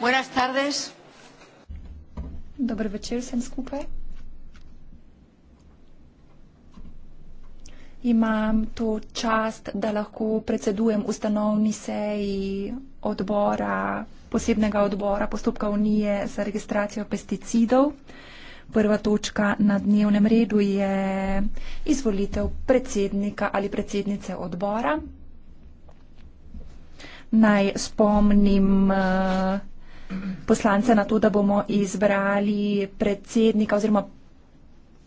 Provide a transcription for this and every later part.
Buenas tardes. Dobro večer vsem skupaj. Imam to čast, da lahko predsedujem ustanovni seji odbora, posebnega odbora postopka Unije za registracijo pesticidov. Prva točka na dnevnem redu je izvolitev predsednika ali predsednice odbora. Naj spomnim uh, poslance na to, da bomo izbrali predsednika oziroma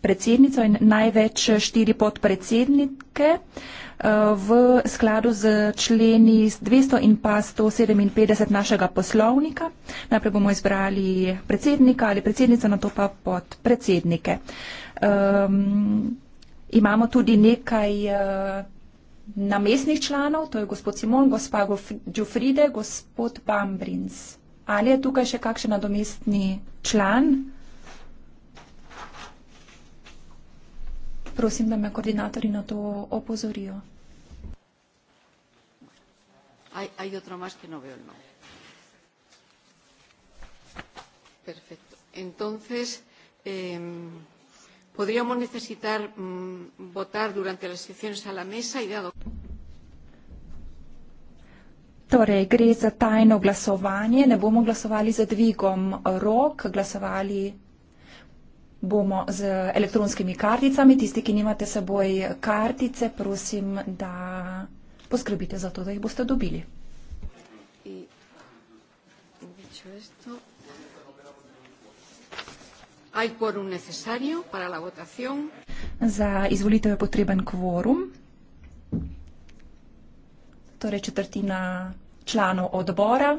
predsednico in največ štiri podpredsednike eh, v skladu z členi 200 in pa 157 našega poslovnika. Najprej bomo izbrali predsednika ali predsednico, na to pa podpredsednike. Um, imamo tudi nekaj uh, namestnih članov, to je gospod Simon, gospa Gof Gjufride, gospod Bambrins. Ali je tukaj še kakšen nadomestni član? Prosim, da me koordinatori na to opozorijo. Hay, hay otro más que no veo el nombre. Perfecto. Entonces, eh, podríamos necesitar mm, votar durante las sesiones a la mesa y dado que. Torej, gre za tajno glasovanje, ne bomo glasovali za dvigom rok, glasovali bomo z elektronskimi karticami. Tisti, ki nimate seboj kartice, prosim, da poskrbite za to, da jih boste dobili. Za izvolitev je potreben kvorum, torej četrtina članov odbora.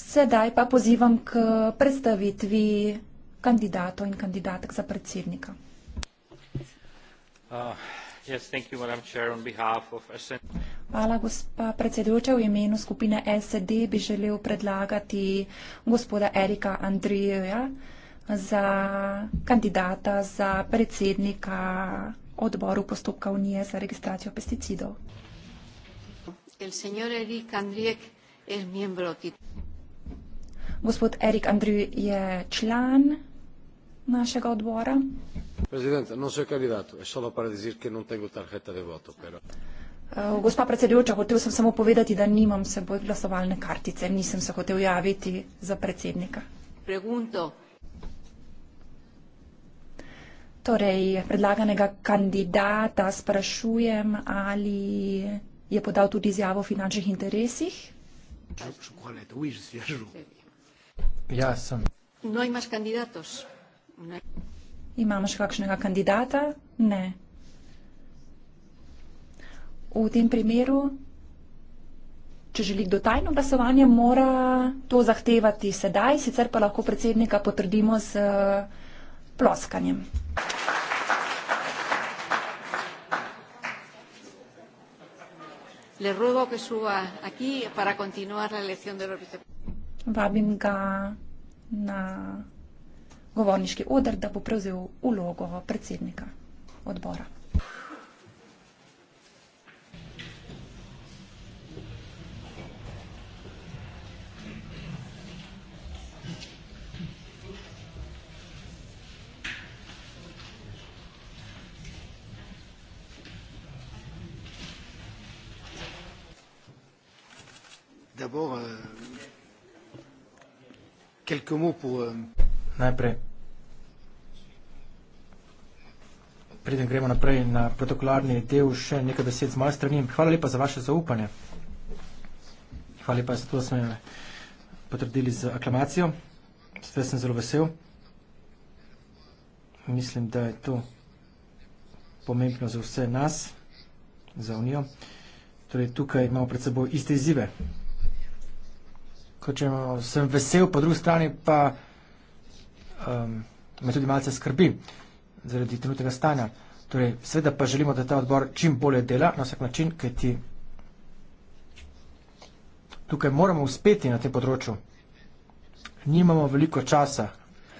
Sedaj pa pozivam k predstavitvi kandidatov in kandidatek za predsednika. Uh, Hvala, gospa predsedujoča. V imenu skupine SED bi želel predlagati gospoda Erika Andrijeja za kandidata za predsednika odboru postopka Unije za registracijo pesticidov el señor Eric Andriek es miembro Gospod Erik Andrij je član našega odbora. No no eh, gospa predsedujoča, hotel sem samo povedati, da nimam seboj glasovalne kartice, nisem se hotel javiti za predsednika. Pregunto. Torej, predlaganega kandidata sprašujem, ali je podal tudi izjavo o finančnih interesih. Ja, sem. No no Imamo še kakšnega kandidata? Ne. V tem primeru, če želi kdo tajno glasovanje, mora to zahtevati sedaj, sicer pa lahko predsednika potrdimo z eh, ploskanjem. Hvala. Le ruego que suba aquí para continuar la elección de los Vabim ga na govorniški odr, da bo prevzel vlogo predsednika odbora. quelques mots pour. Euh, Najprej. Preden gremo naprej na protokolarni del, še nekaj besed z moje strani. Hvala lepa za vaše zaupanje. Hvala lepa za to, da smo jo potrdili z aklamacijo. Sve sem zelo vesel. Mislim, da je to pomembno za vse nas, za Unijo. Torej, tukaj imamo pred seboj iste izzive kot če sem vesel, po drugi strani pa um, me tudi malce skrbi zaradi trenutnega stanja. Torej, seveda pa želimo, da ta odbor čim bolje dela na vsak način, ker ti tukaj moramo uspeti na tem področju. Nimamo veliko časa,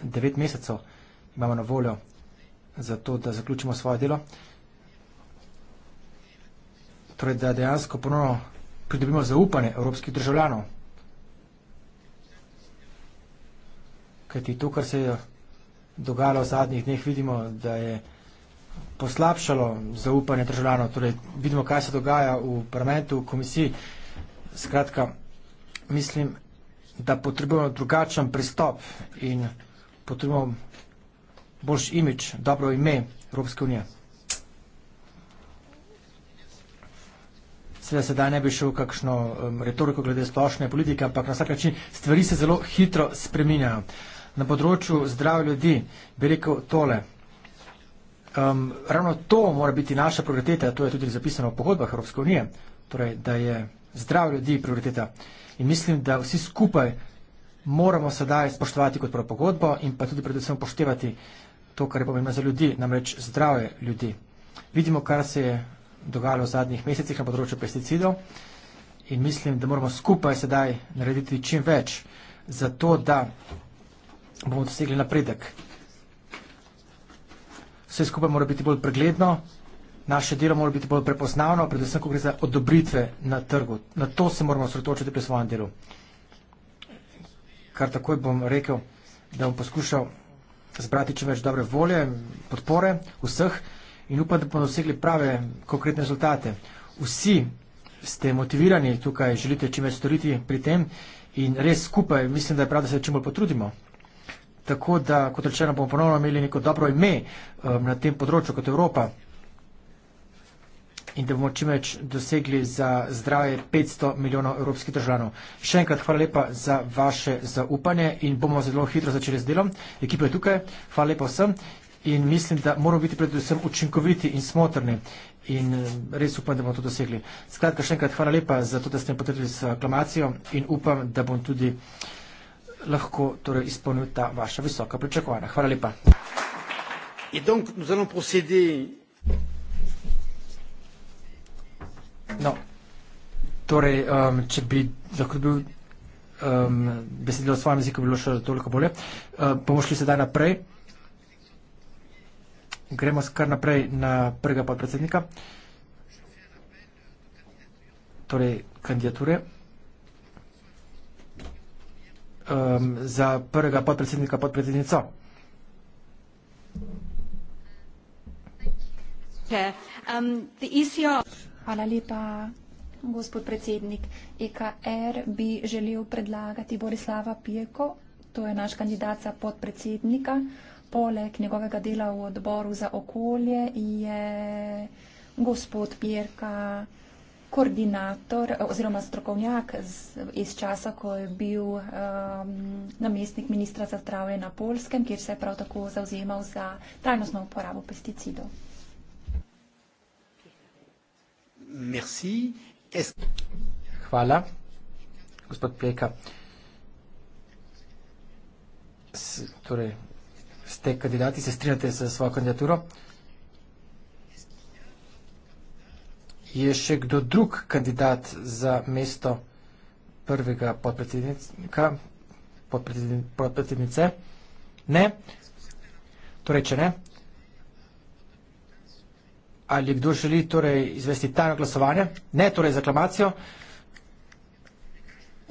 devet mesecev imamo na voljo za to, da zaključimo svoje delo. Torej, da dejansko ponovno pridobimo zaupanje evropskih državljanov. Kajti to, kar se je dogajalo v zadnjih dneh, vidimo, da je poslabšalo zaupanje državljanov. Torej, vidimo, kaj se dogaja v parlamentu, v komisiji. Skratka, mislim, da potrebujemo drugačen pristop in potrebujemo boljši imič, dobro ime Evropske unije. Seveda sedaj ne bi šel v kakšno um, retoriko glede splošne politike, ampak na vsak način stvari se zelo hitro spreminjajo na področju zdravja ljudi, bi rekel tole. Um, ravno to mora biti naša prioriteta, to je tudi zapisano v pogodbah Evropske unije, torej, da je zdravje ljudi prioriteta. In mislim, da vsi skupaj moramo sedaj spoštovati kot prvo pogodbo in pa tudi predvsem poštevati to, kar je pomembno za ljudi, namreč zdravje ljudi. Vidimo, kar se je dogajalo v zadnjih mesecih na področju pesticidov in mislim, da moramo skupaj sedaj narediti čim več za to, da bomo dosegli napredek. Vse skupaj mora biti bolj pregledno, naše delo mora biti bolj prepoznavno, predvsem, ko gre za odobritve na trgu. Na to se moramo sretočiti pri svojem delu. Kar takoj bom rekel, da bom poskušal zbrati čim več dobre volje, podpore vseh in upam, da bomo dosegli prave, konkretne rezultate. Vsi ste motivirani tukaj, želite čim več storiti pri tem in res skupaj mislim, da je prav, da se čim bolj potrudimo. Tako da, kot rečeno, bomo ponovno imeli neko dobro ime um, na tem področju kot Evropa in da bomo čim več dosegli za zdravje 500 milijonov evropskih državljanov. Še enkrat hvala lepa za vaše zaupanje in bomo zelo hitro začeli z delom. Ekipa je tukaj, hvala lepa vsem in mislim, da moramo biti predvsem učinkoviti in smotrni in um, res upam, da bomo to dosegli. Skratka, še enkrat hvala lepa za to, da ste me potrebili s aklamacijo in upam, da bom tudi lahko torej izpolnil ta vaša visoka pričakovanja. Hvala lepa. No, torej, um, če bi lahko bil um, besedilo v svojem jeziku, bi bilo še toliko bolje. Uh, bomo šli sedaj naprej. Gremo kar naprej na prvega podpredsednika. Torej, kandidature um, za prvega podpredsednika, podpredsednico. Um, e Hvala lepa, gospod predsednik. EKR bi želel predlagati Borislava Pijeko, to je naš kandidat za podpredsednika. Poleg njegovega dela v odboru za okolje je gospod Pijerka koordinator eh, oziroma strokovnjak z, iz časa, ko je bil um, namestnik ministra za zdravje na Polskem, kjer se je prav tako zauzemal za trajnostno uporabo pesticidov. Merci. Es... Hvala, gospod Pleka. S, torej, ste kandidati, se strinjate s svojo kandidaturo? je še kdo drug kandidat za mesto prvega podpredsednika, podpredsednice? Ne? Torej, če ne? Ali kdo želi torej izvesti tajno glasovanje? Ne, torej z aklamacijo.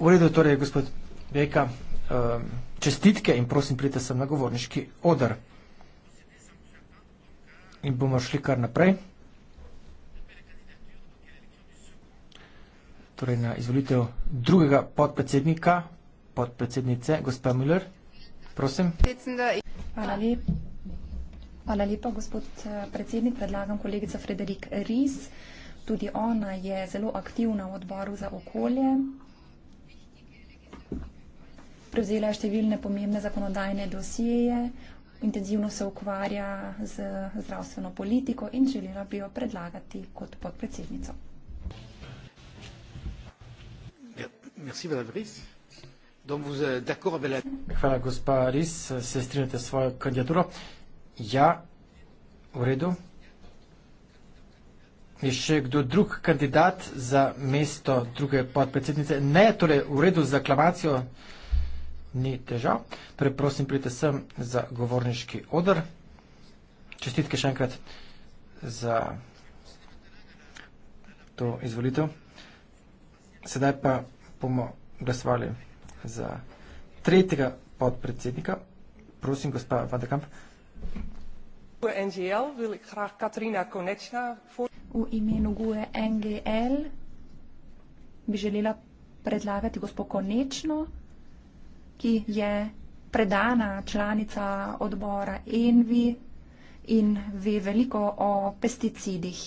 V redu, torej, gospod Bejka, ehm, čestitke in prosim, prijte sem na govorniški odr. In bomo šli kar naprej. Hvala. torej na izvolitev drugega podpredsednika, podpredsednice, gospa Müller. Prosim. Hvala lepa. Hvala lepa, gospod predsednik. Predlagam kolegica Frederik Ries. Tudi ona je zelo aktivna v odboru za okolje. Prevzela je številne pomembne zakonodajne dosjeje, intenzivno se ukvarja z zdravstveno politiko in želela bi jo predlagati kot podpredsednico. Hvala, gospa Ris, se strinjate s svojo kandidaturo. Ja, v redu. Je še kdo drug kandidat za mesto druge podpredsednice? Ne, torej v redu z aklamacijo ni težav. Torej prosim, prijete sem za govorniški odr. Čestitke še enkrat za to izvolitev. Sedaj pa bomo glasovali za tretjega podpredsednika. Prosim, gospa Vandekamp. NGL, vil krah Katarina Konečna. V imenu GUE NGL bi želela predlagati gospod Konečno, ki je predana članica odbora ENVI in ve veliko o pesticidih.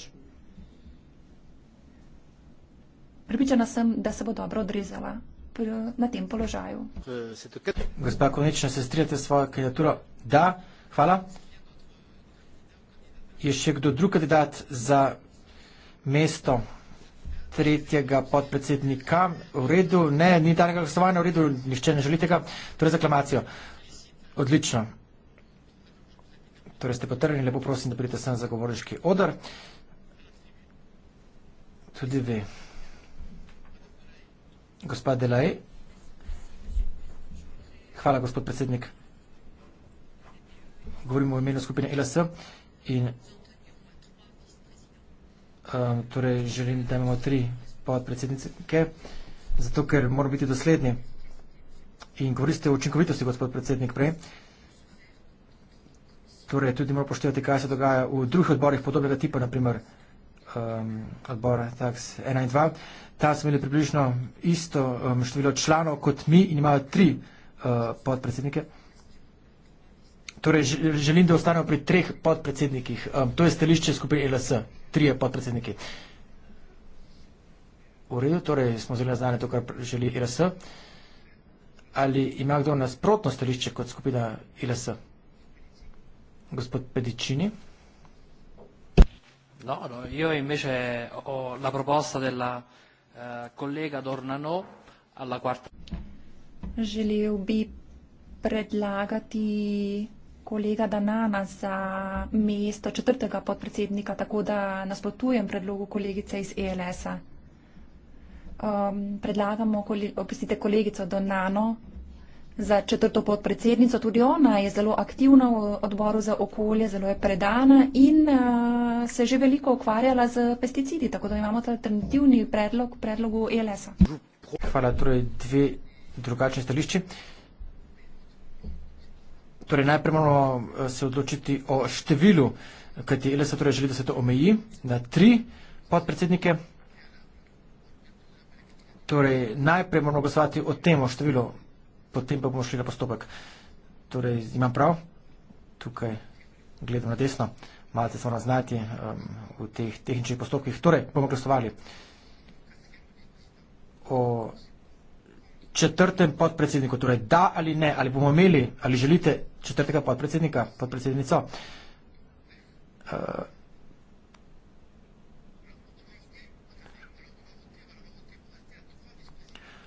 Pripričana sem, da se bo dobro odrezala na tem položaju. Gospa Konečna, se strijate svojo kandidaturo? Da, hvala. Je še kdo drug kandidat za mesto tretjega podpredsednika? V redu, ne, ni danega glasovanja, v redu, nišče ne želite ga. Torej za aklamacijo. Odlično. Torej ste potrljeni, lepo prosim, da prijete sem za govoriški odr. Tudi vi. Gospa Delaj. Hvala, gospod predsednik. Govorimo o imenu skupine LS in um, torej želim, da imamo tri podpredsednike, zato ker moramo biti dosledni. In govorite o učinkovitosti, gospod predsednik, prej. Torej, tudi moramo poštevati, kaj se dogaja v drugih odborih podobnega tipa, naprimer um, odbora TAX 1 in 2. Tam so imeli približno isto um, število članov kot mi in imajo tri uh, podpredsednike. Torej, želim, da ostanemo pri treh podpredsednikih. Um, to je stališče skupaj LS, trije podpredsedniki. V redu, torej smo zelo znani to, kar želi LS. Ali ima kdo nasprotno stališče kot skupina LS? Gospod Pedičini. No, no, io invece ho la proposta della eh, collega Dornano alla quarta. Želel bi predlagati kolega Danana za mesto četrtega podpredsednika, tako da nasprotujem predlogu kolegice iz ELS-a. Um, predlagamo, opisite kolegico Danano za četrto podpredsednico. Tudi ona je zelo aktivna v odboru za okolje, zelo je predana in uh, se že veliko ukvarjala z pesticidi, tako da imamo alternativni predlog k predlogu ELS-a. Hvala, torej dve drugačni stališči. Torej, najprej moramo eh, se odločiti o številu, kajti ELS torej želi, da se to omeji na tri podpredsednike. Torej, najprej moramo glasovati o tem o številu, potem pa bomo šli na postopek. Torej, imam prav, tukaj gledam na desno malce so raznati um, v teh tehničnih postopkih. Torej, bomo glasovali o četrtem podpredsedniku, torej da ali ne, ali bomo imeli, ali želite četrtega podpredsednika, podpredsednico. Uh,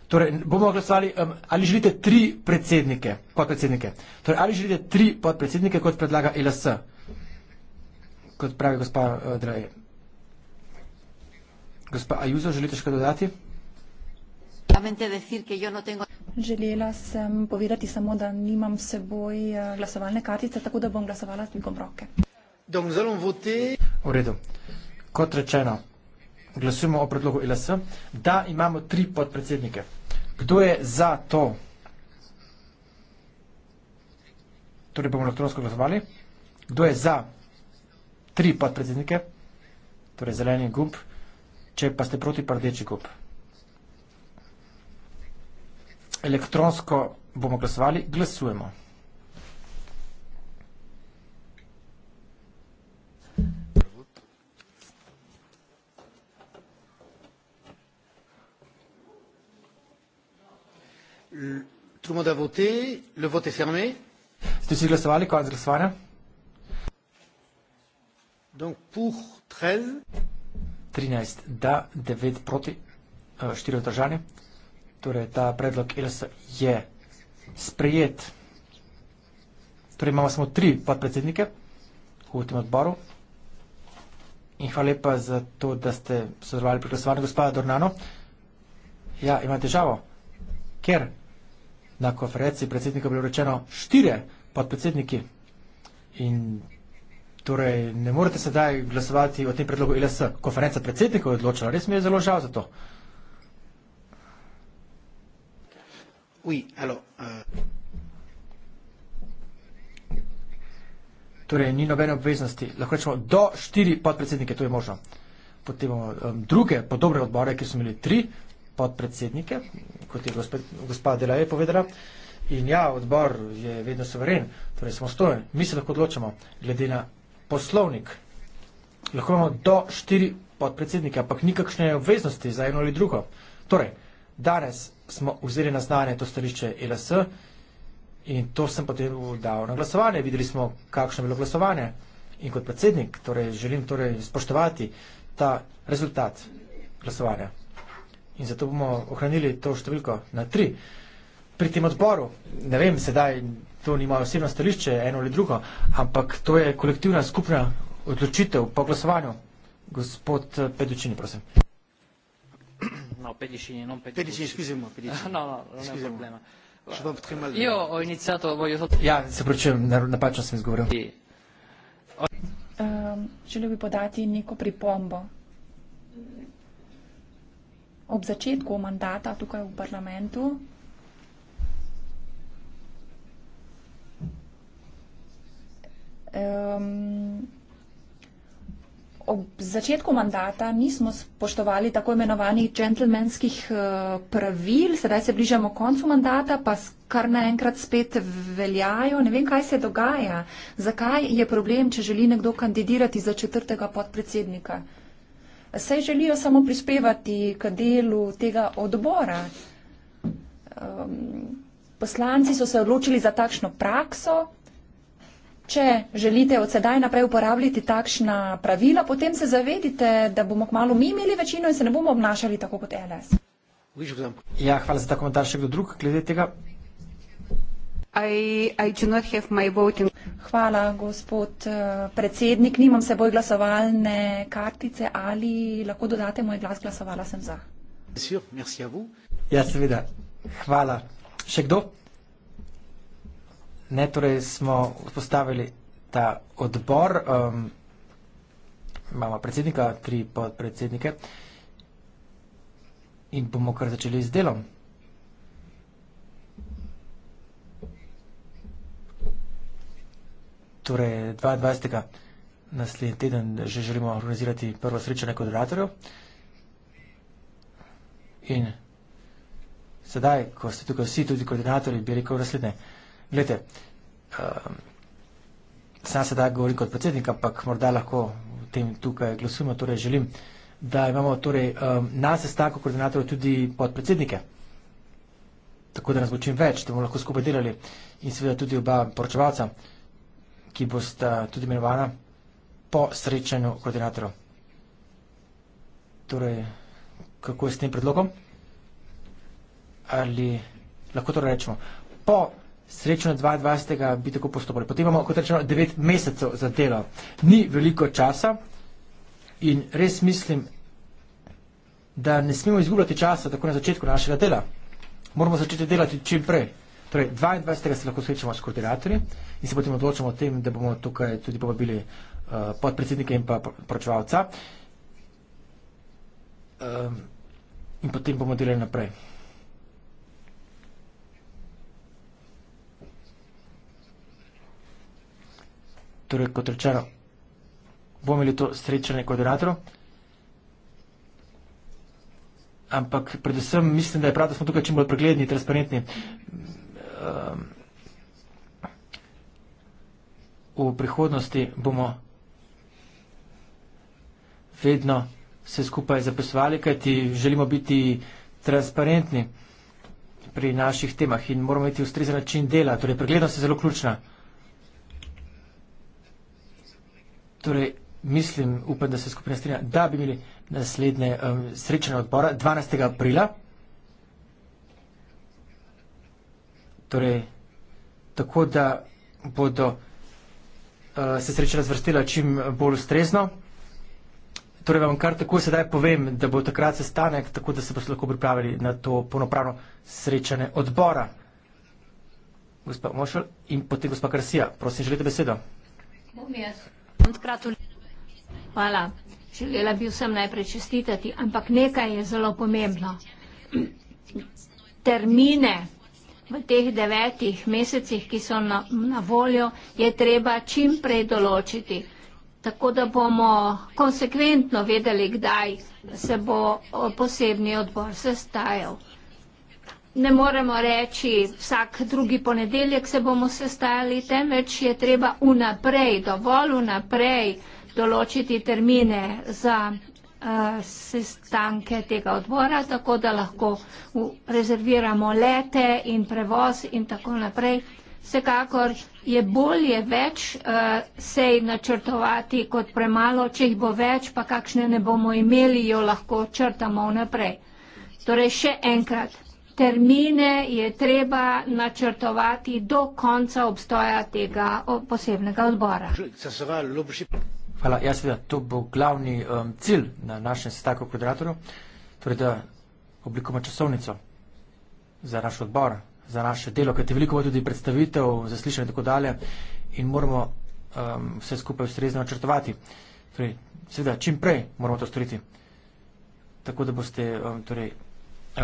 Torej, bomo glasovali, um, ali želite tri predsednike, podpredsednike. Torej, ali želite tri podpredsednike, kot predlaga LSC kot pravi gospa uh, eh, Draje. Gospa Ajuzo, želite še kaj dodati? No Želela sem povedati samo, da nimam s seboj eh, glasovalne kartice, tako da bom glasovala z dvigom roke. V redu. Kot rečeno, glasujemo o predlogu LS, da imamo tri podpredsednike. Kdo je za to? Torej bomo elektronsko glasovali. Kdo je za? tri podpredsednike, torej zeleni gumb, če pa ste proti rdeči gumb. Elektronsko bomo glasovali, glasujemo. Tout le monde a voté, le vote est fermé. C'était sur le savoir, les quoi, le savoir, hein? 13 da, 9 proti, 4 eh, vzdržanje. Torej, ta predlog ELS je sprejet. Torej, imamo samo tri podpredsednike v tem odboru. In hvala lepa za to, da ste sodelovali pri glasovanju, gospa Dornano. Ja, ima težavo, ker na konferenci predsednika bilo rečeno štiri podpredsedniki in Torej, ne morete sedaj glasovati o tem predlogu LS. Konferenca predsednikov je odločila, res mi je zelo žal za to. Oui, alo, uh... Torej, ni nobene obveznosti. Lahko rečemo, do štiri podpredsednike, to je možno. Potem imamo um, druge podobne odbore, ki so imeli tri podpredsednike, kot je gospe, gospa Delaje povedala. In ja, odbor je vedno soveren, torej samostojen. Mi se lahko odločamo glede na poslovnik. Lahko imamo do štiri podpredsednike, ampak nikakšne obveznosti za eno ali drugo. Torej, danes smo vzeli na znanje to stališče LS in to sem potem dal na glasovanje. Videli smo, kakšno je bilo glasovanje. In kot predsednik torej, želim torej, spoštovati ta rezultat glasovanja. In zato bomo ohranili to številko na tri pri tem odboru. Ne vem, sedaj to ni moje osebno stališče, eno ali drugo, ampak to je kolektivna skupna odločitev po glasovanju. Gospod eh, Pedučini, prosim. No, Pedučini, non Pedučini. Pedučini, skizimo, Pedučini. No, no, no, no, no, problema. Jo, o inicijato bojo zato... Ja, se pročujem, napačno sem izgovoril. Ehm, želel bi podati neko pripombo. Ob začetku mandata tukaj v parlamentu Um, ob začetku mandata nismo spoštovali tako imenovanih džentlmenskih eh, pravil, sedaj se bližamo koncu mandata, pa kar naenkrat spet veljajo. Ne vem, kaj se dogaja. Zakaj je problem, če želi nekdo kandidirati za četrtega podpredsednika? Sej želijo samo prispevati k delu tega odbora. Um, poslanci so se odločili za takšno prakso. Če želite od sedaj naprej uporabljati takšna pravila, potem se zavedite, da bomo kmalo mi imeli večino in se ne bomo obnašali tako kot LS. Ja, hvala za ta komentar še kdo drug glede tega. I, I do not have my voting. Hvala, gospod eh, predsednik. Nimam seboj glasovalne kartice ali lahko dodate moj glas. Glasovala sem za. Ja, seveda. Hvala. Še kdo? Ne, torej smo vzpostavili ta odbor, um, imamo predsednika, tri podpredsednike in bomo kar začeli z delom. Torej, 22. naslednji teden že želimo organizirati prvo srečanje kodoratorjev. In sedaj, ko ste tukaj vsi, tudi koordinatorji, bi rekel naslednje. Uh, Glede, uh, ehm, sam se da govori kot predsednik, ampak morda lahko v tem tukaj glasujemo, torej želim, da imamo torej, um, na sestanku koordinatorja tudi podpredsednike, tako da nas bo čim več, da bomo lahko skupaj delali in seveda tudi oba poročevalca, ki bosta tudi imenovana po srečanju koordinatorja. Torej, kako je s tem predlogom? Ali lahko to torej rečemo? Po Srečno 22. bi tako postopali. Potem imamo, kot rečeno, 9 mesecev za delo. Ni veliko časa in res mislim, da ne smemo izgubljati časa tako na začetku našega dela. Moramo začeti delati čim prej. Torej, 22. se lahko srečamo s koordinatorji in se potem odločimo o tem, da bomo tukaj tudi povabili uh, podpredsednike in pa poročevalca. Um, in potem bomo delali naprej. Torej, kot rečeno, bomo imeli to srečanje kvadratov. Ampak predvsem mislim, da je prav, da smo tukaj čim bolj pregledni, transparentni. Um, v prihodnosti bomo vedno se skupaj zapisovali, kajti želimo biti transparentni pri naših temah in moramo imeti ustrezen način dela. Torej, preglednost je zelo ključna. Torej, mislim, upam, da se skupina strinja, da bi imeli naslednje um, srečanje odbora 12. aprila. Torej, tako da bodo uh, se srečanja zvrstila čim bolj ustrezno. Torej, vam kar tako sedaj povem, da bo takrat sestanek, tako da se boste lahko pripravili na to ponopravno srečanje odbora. Gospa Mošel in potem gospa Karsija, prosim, želite besedo? Bom jaz bom gratulirala. Hvala. Želela bi vsem najprej čestitati, ampak nekaj je zelo pomembno. Termine v teh devetih mesecih, ki so na, na voljo, je treba čim prej določiti, tako da bomo konsekventno vedeli, kdaj se bo eh, posebni odbor sestajal ne moremo reči vsak drugi ponedeljek se bomo sestajali, temveč je treba unaprej, dovolj unaprej določiti termine za eh, sestanke tega odbora, tako da lahko rezerviramo lete in prevoz in tako naprej. Vsekakor je bolje več eh, sej načrtovati kot premalo, če jih bo več, pa kakšne ne bomo imeli, jo lahko črtamo naprej. Torej še enkrat termine je treba načrtovati do konca obstoja tega posebnega odbora. Hvala, jaz seveda to bo glavni um, cilj na našem sestanku v kvadratoru, torej da oblikujemo časovnico za naš odbor, za naše delo, kajti veliko bo tudi predstavitev, zaslišanje in tako dalje in moramo um, vse skupaj ustrezno načrtovati. Torej, seveda, čim prej moramo to storiti, tako da boste um, torej,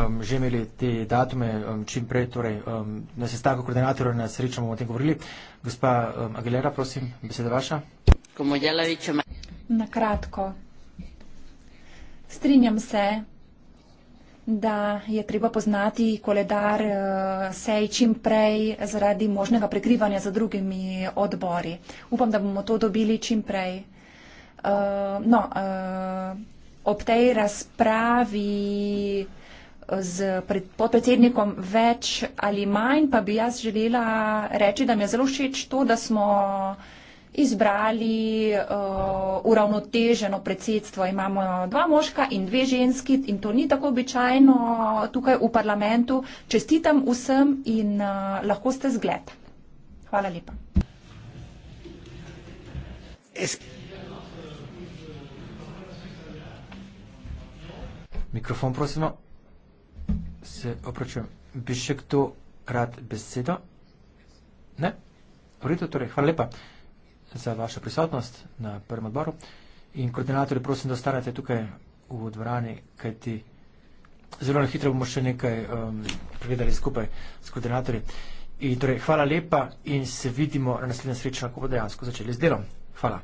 um, že imeli te datume um, čim prej, torej um, na sestanku koordinatorja na srečo bomo o tem govorili. Gospa um, Aguilera, prosim, beseda vaša. Na kratko. Strinjam se, da je treba poznati koledar eh, sej čim prej zaradi možnega prekrivanja za drugimi odbori. Upam, da bomo to dobili čim prej. Eh, no, eh, ob tej razpravi z pred, podpredsednikom več ali manj, pa bi jaz želela reči, da mi je zelo všeč to, da smo izbrali uh, uravnoteženo predsedstvo. Imamo dva moška in dve ženski in to ni tako običajno tukaj v parlamentu. Čestitam vsem in uh, lahko ste zgled. Hvala lepa. Mikrofon, prosimo. No se opračujem. Bi še kdo rad besedo? Ne? V redu, torej, hvala lepa za vašo prisotnost na prvem odboru. In koordinatorji, prosim, da ostanete tukaj v dvorani, kajti zelo na hitro bomo še nekaj um, pregledali skupaj s koordinatorji. In torej, hvala lepa in se vidimo na naslednjem srečanju, ko bo dejansko začeli z delom. Hvala.